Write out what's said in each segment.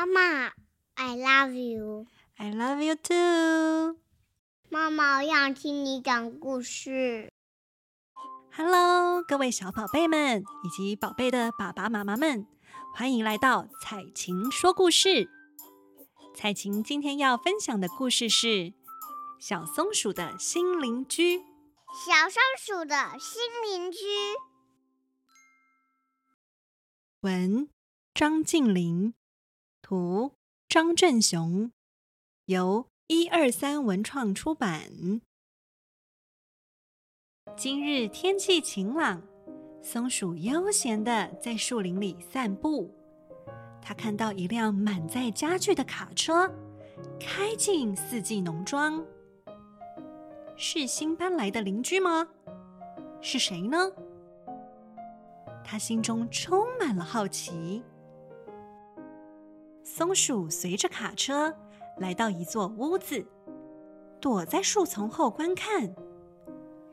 媽媽，I love you. I love you too. 媽媽，我想聽你講故事。哈嘍，各位小寶貝們以及寶貝的爸爸媽媽們，歡迎來到采晴說故事。采晴今天要分享的故事是《小松鼠的新鄰居》。小松鼠的新鄰居。文張晉霖。圖張正雄，由一二三文創出版。今日天氣晴朗，松鼠悠閒地在樹林裡散步。他看到一輛滿載家具的卡車開進四季農莊，是新搬來的鄰居嗎？是誰呢？他心中充滿了好奇。松鼠隨着卡車來到一座屋子，躲在樹叢後觀看。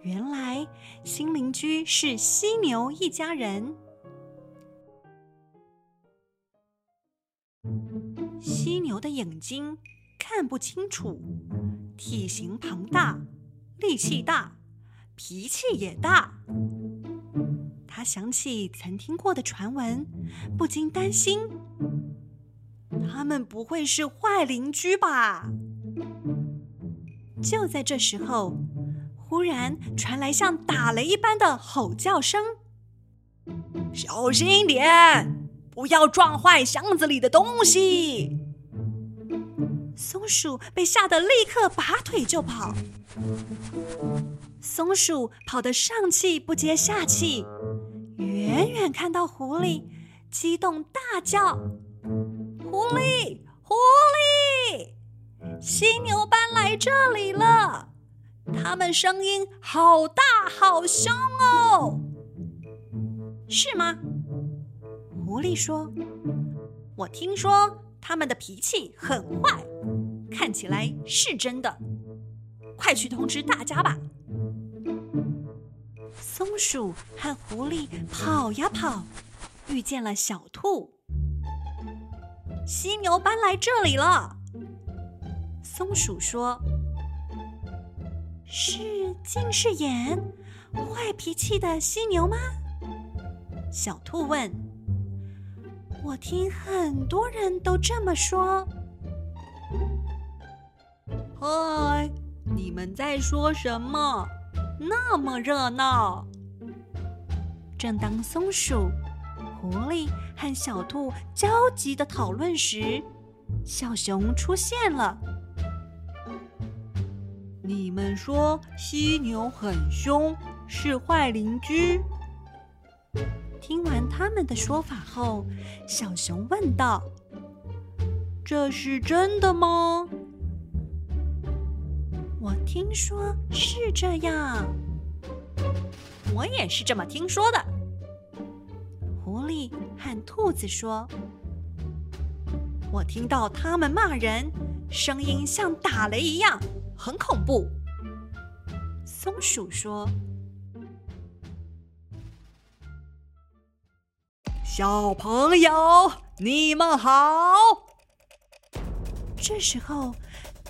原來新鄰居是犀牛一家人。犀牛的眼睛看不清楚，體型龐大，力氣大，脾氣也大。他想起曾聽過的傳聞，不禁擔心。他們不會是壞鄰居吧？就在這時候，忽然傳來像打雷一般的吼叫聲。小心點，不要撞壞箱子裡的東西。松鼠被嚇得立刻拔腿就跑。松鼠跑得上氣不接下氣，遠遠看到狐狸，激動大叫。狐狸，狐狸，犀牛搬來這裡了，它們聲音好大，好凶哦，是嗎？狐狸說：“我聽說它們的脾氣很壞，看起來是真的，快去通知大家吧。”松鼠和狐狸跑呀跑，遇見了小兔。犀牛搬來這裡了，松鼠說：“是近視眼、壞脾氣的犀牛嗎？”小兔問：“我聽很多人都這麼說。”嗨，你們在說什麼？那麼熱鬧！正當松鼠，狐狸和小兔焦急的討論時，小熊出現了。你們說犀牛很兇，是壞鄰居。聽完他們的說法後，小熊問道：“這是真的嗎？”我聽說是這樣，我也是這麼聽說的。力和兔子說：“我聽到他們罵人，聲音像打雷一樣，很恐怖。”松鼠說：“小朋友，你們好。”這時候，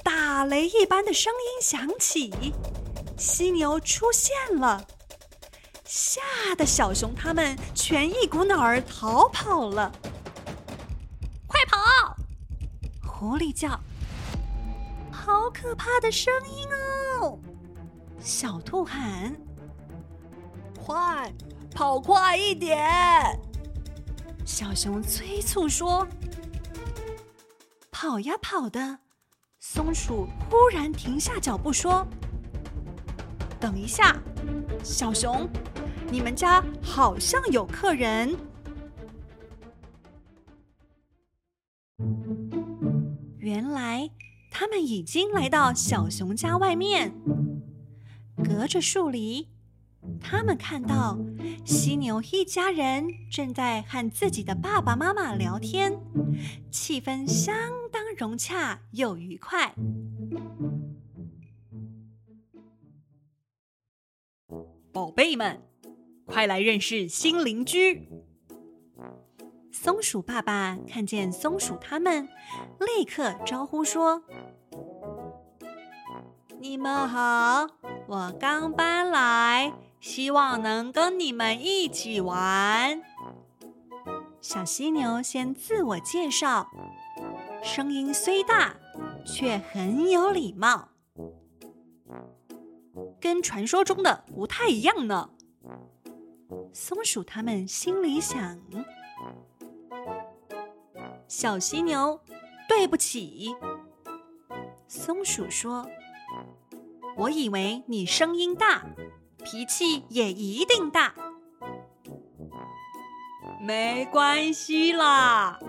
打雷一般的聲音響起，犀牛出現了。嚇得小熊他們全一股腦兒逃跑了。快跑！狐狸叫。好可怕的聲音哦！小兔喊。快，跑快一點！小熊催促說。跑呀跑的，松鼠忽然停下腳步說：“等一下，小熊。”你們家好像有客人。原來他們已經來到小熊家外面，隔着樹籬，他們看到犀牛一家人正在和自己的爸爸媽媽聊天，氣氛相當融洽又愉快。寶貝們。快來認識新鄰居！松鼠爸爸看見松鼠他們，立刻招呼說：“你們好，我剛搬來，希望能跟你們一起玩。”小犀牛先自我介紹，聲音雖大，卻很有禮貌，跟傳說中的不太一樣呢。松鼠他們心裡想：“小犀牛，對不起。”松鼠說：“我以為你聲音大，脾氣也一定大。沒關係啦，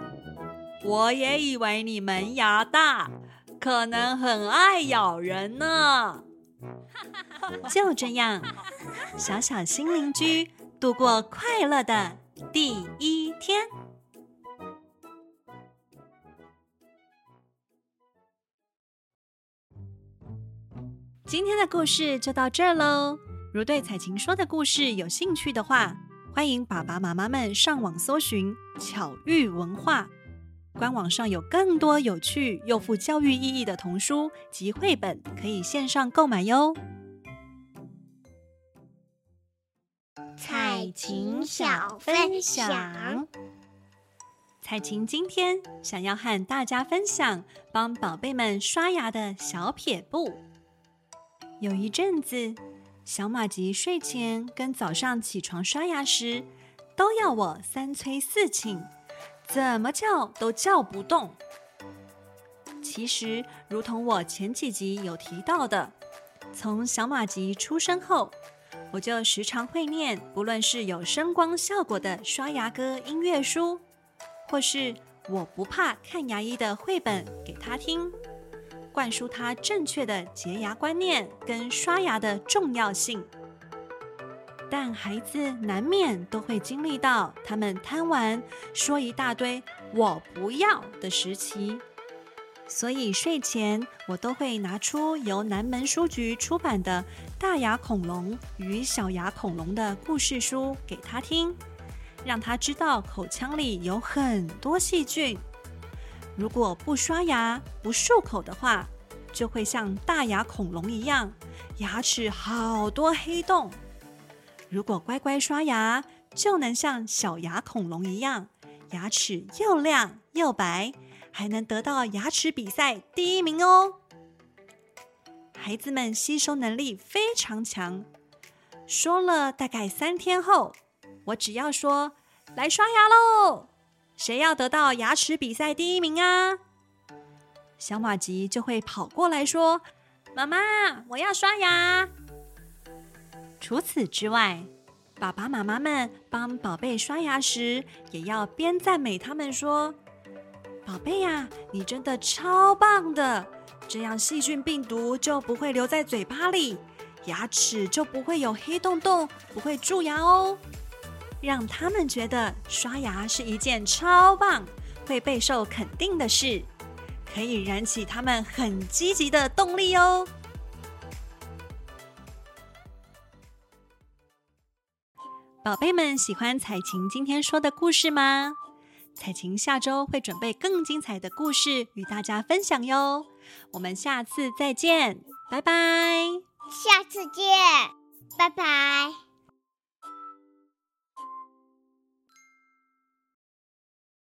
我也以為你門牙大，可能很愛咬人呢。”就這樣，小小新鄰居，度過快樂的第一天。今天的故事就到這兒嘍。如對采晴說的故事有興趣的話，歡迎爸爸媽媽們上網搜尋“巧育文化”官網上有更多有趣又富教育意義的童書及繪本，可以線上購買喲。采晴小分享，采晴今天想要和大家分享幫寶貝們刷牙的小撇步。有一陣子，小馬吉睡前跟早上起床刷牙時，都要我三催四請，怎麼叫都叫不動。其實，如同我前幾集有提到的，從小馬吉出生後，我就時常會念，不論是有聲光效果的刷牙歌音樂書，或是我不怕看牙醫的繪本給他聽，灌輸他正確的潔牙觀念跟刷牙的重要性。但孩子難免都會經歷到他們貪玩、說一大堆“我不要”的時期。所以睡前我都會拿出由南門書局出版的《大牙恐龍與小牙恐龍的故事書》給他聽，讓他知道口腔裡有很多細菌，如果不刷牙不漱口的話，就會像大牙恐龍一樣，牙齒好多黑洞；如果乖乖刷牙，就能像小牙恐龍一樣，牙齒又亮又白。還能得到牙齒比賽第一名哦！孩子們吸收能力非常強，說了大概三天後，我只要說“來刷牙嘍”，誰要得到牙齒比賽第一名啊？小馬吉就會跑過來說：“媽媽，我要刷牙。”除此之外，爸爸媽媽們幫寶貝刷牙時，也要邊讚美他們說。寶貝呀，你真的超棒的！這樣細菌病毒就不會留在嘴巴裡，牙齒就不會有黑洞洞，不會蛀牙哦。讓他們覺得刷牙是一件超棒、會備受肯定的事，可以燃起他們很積極的動力哦。寶貝們喜歡采晴今天說的故事嗎？采晴下周會準備更精彩的故事與大家分享喲，我們下次再見，拜拜。下次見，拜拜。